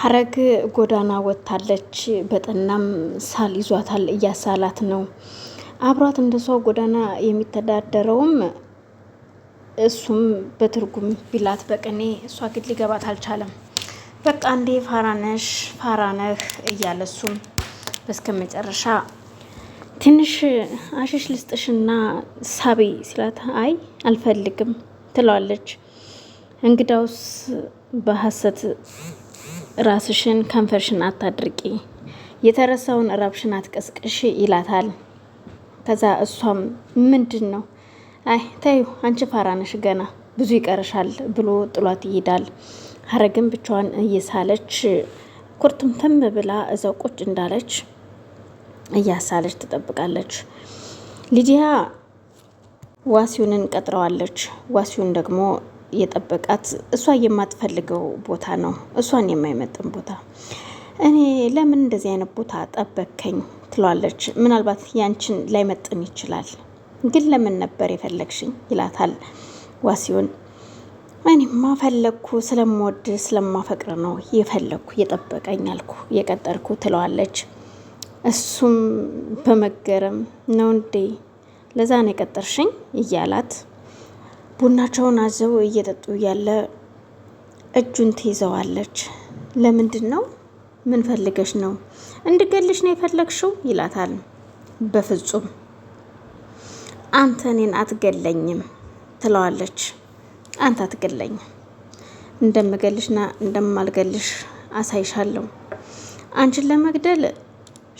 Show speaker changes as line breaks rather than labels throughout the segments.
ሀረግ ጎዳና ወጥታለች። በጠናም ሳል ይዟታል፣ እያሳላት ነው። አብሯት እንደሷ ጎዳና የሚተዳደረውም እሱም በትርጉም ቢላት በቅኔ እሷ ግድ ሊገባት አልቻለም። በቃ እንዴ ፋራነሽ ፋራነህ እያለ እሱም በስከ መጨረሻ ትንሽ አሽሽ ልስጥሽና ሳቤ ሲላት አይ አልፈልግም ትለዋለች። እንግዳውስ በሀሰት ራስሽን ከንፈርሽን አታድርቂ፣ የተረሳውን ራብሽን አትቀስቅሽ ይላታል። ከዛ እሷም ምንድን ነው አይ ተዩ፣ አንቺ ፋራነሽ ገና ብዙ ይቀርሻል ብሎ ጥሏት ይሄዳል። ሀረግን ብቻዋን እየሳለች ኩርትምትም ብላ እዛው ቁጭ እንዳለች እያሳለች ትጠብቃለች። ሊዲያ ዋሲውንን ቀጥረዋለች። ዋሲውን ደግሞ የጠበቃት እሷ የማትፈልገው ቦታ ነው፣ እሷን የማይመጥን ቦታ። እኔ ለምን እንደዚህ አይነት ቦታ ጠበከኝ ትሏለች። ምናልባት ያንችን ላይመጥን ይችላል፣ ግን ለምን ነበር የፈለግሽኝ ይላታል ዋሲሁን። እኔማ ፈለግኩ ስለምወድ ስለማፈቅር ነው የፈለግኩ የጠበቀኝ አልኩ የቀጠርኩ ትለዋለች። እሱም በመገረም ነው እንዴ ለዛ ነው የቀጠርሽኝ እያላት ቡናቸውን አዘው እየጠጡ እያለ እጁን ትይዘዋለች። ለምንድን ነው ምን ፈልገሽ ነው? እንድገልሽ ነው የፈለግሽው? ይላታል። በፍጹም አንተ እኔን አትገለኝም ትለዋለች። አንተ አትገለኝም እንደምገልሽና እንደማልገልሽ አሳይሻለሁ። አንቺን ለመግደል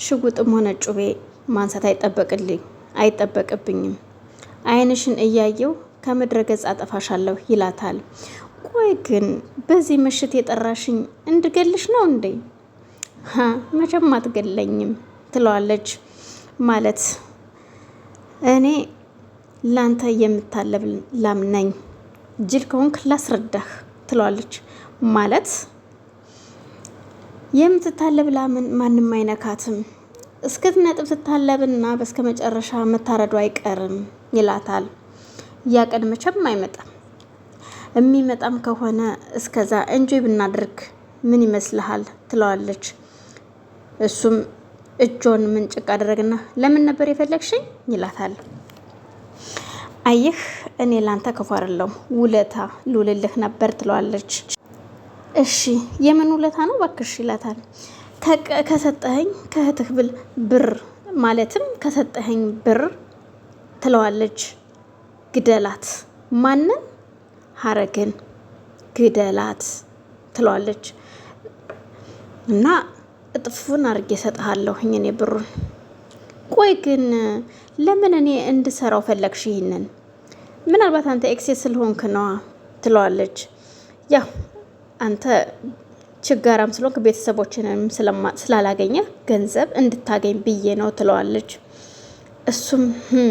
ሽጉጥም ሆነ ጩቤ ማንሳት አይጠበቅልኝ አይጠበቅብኝም። አይንሽን እያየው ከምድረ ገጽ አጠፋሻለሁ ይላታል። ቆይ ግን በዚህ ምሽት የጠራሽኝ እንድገልሽ ነው እንዴ? መቼም አትገለኝም ትለዋለች። ማለት እኔ ላንተ የምታለብ ላም ነኝ፣ ጅል ከሆንክ ላስረዳህ ትለዋለች። ማለት የምትታለብ ላምን ማንም አይነካትም፣ እስክትነጥብ ትታለብና በስከ መጨረሻ መታረዱ አይቀርም ይላታል። ያ ቀን መቼም አይመጣም። የሚመጣም ከሆነ እስከዛ እንጆይ ብናደርግ ምን ይመስልሃል ትለዋለች። እሱም እጆን ምንጭቅ አደረግና ለምን ነበር የፈለግሽኝ ይላታል። አየህ እኔ ላንተ ክፉ ውለታ ልውልልህ ነበር ትለዋለች። እሺ የምን ውለታ ነው ባክሽ? ይላታል። ከሰጠኸኝ ከእህትህ ብል ብር ማለትም ከሰጠኸኝ ብር ትለዋለች። ግደላት ማንን ሀረግን ግደላት ትለዋለች እና እጥፉን አድርጌ እሰጥሃለሁኝ እኔ ብሩን ቆይ ግን ለምን እኔ እንድሰራው ፈለግሽ ይህንን ምናልባት አንተ ኤክሴ ስለሆንክ ነዋ ትለዋለች ያው አንተ ችጋራም ስለሆንክ ቤተሰቦችንም ስላላገኘ ገንዘብ እንድታገኝ ብዬ ነው ትለዋለች እሱም hm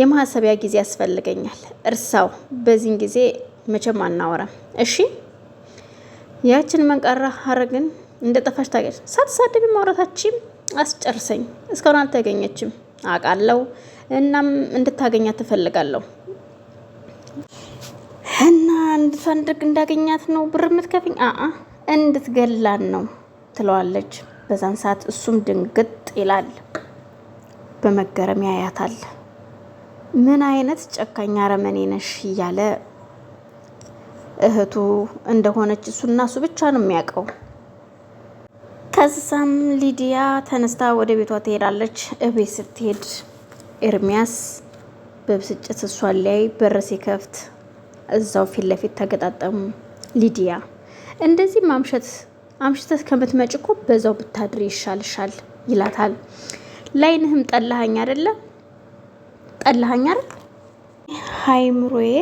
የማሰቢያ ጊዜ ያስፈልገኛል። እርሳው በዚህን ጊዜ መቼም አናወራም። እሺ ያችን መንቀራ ሀረግን እንደ ጠፋሽ ታገች ሳትሳደብ ማውራታችም አስጨርሰኝ። እስካሁን አልተገኘችም አውቃለሁ። እናም እንድታገኛ ትፈልጋለሁ እና እንድትፈልግ እንዳገኛት ነው ብር የምትከፍኝ? አአ እንድትገላን ነው ትለዋለች። በዛን ሰዓት እሱም ድንግጥ ይላል፣ በመገረም ያያታል። ምን አይነት ጨካኝ አረመኔ ነሽ እያለ እህቱ እንደሆነች እሱና እሱ ብቻ ነው የሚያውቀው። ከዛም ሊዲያ ተነስታ ወደ ቤቷ ትሄዳለች። እቤት ስትሄድ ኤርሚያስ በብስጭት እሷን ላይ በር ሲከፍት እዛው ፊት ለፊት ተገጣጠሙ። ሊዲያ እንደዚህ ማምሸት አምሽተት ከምትመጭ እኮ በዛው ብታድር ይሻልሻል ይላታል። ላይንህም ጠላሃኝ አይደለም ጠላኸኝ አይደል? ሀይምሮዬ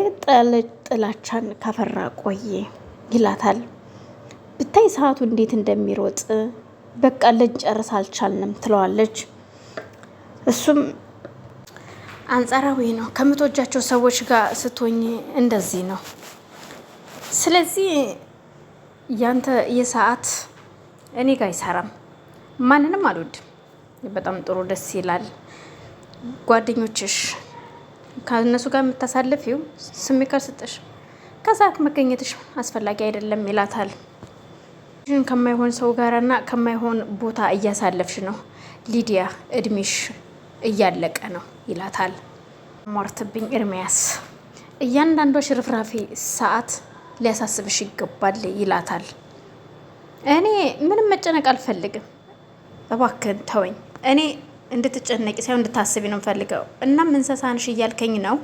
ጥላቻን ካፈራ ቆየ ይላታል። ብታይ ሰዓቱ እንዴት እንደሚሮጥ በቃ ልንጨርስ አልቻልንም ትለዋለች። እሱም አንጻራዊ ነው፣ ከምትወጃቸው ሰዎች ጋር ስትሆኝ እንደዚህ ነው። ስለዚህ ያንተ የሰዓት እኔ ጋር አይሰራም። ማንንም አልወድም። በጣም ጥሩ ደስ ይላል። ጓደኞችሽ ከእነሱ ጋር የምታሳልፊው ስሜት ስጥሽ ከሰዓት መገኘትሽ አስፈላጊ አይደለም ይላታል። ልጅን ከማይሆን ሰው ጋርና ከማይሆን ቦታ እያሳለፍሽ ነው ሊዲያ፣ እድሜሽ እያለቀ ነው ይላታል። ሟርትብኝ ኤርሚያስ፣ እያንዳንዷ ሽርፍራፊ ሰዓት ሊያሳስብሽ ይገባል ይላታል። እኔ ምንም መጨነቅ አልፈልግም፣ እባክን ተወኝ እኔ እንድትጨነቂ ሳይሆን እንድታስቢ ነው የምፈልገው። እናም እንስሳንሽ እያልከኝ ነው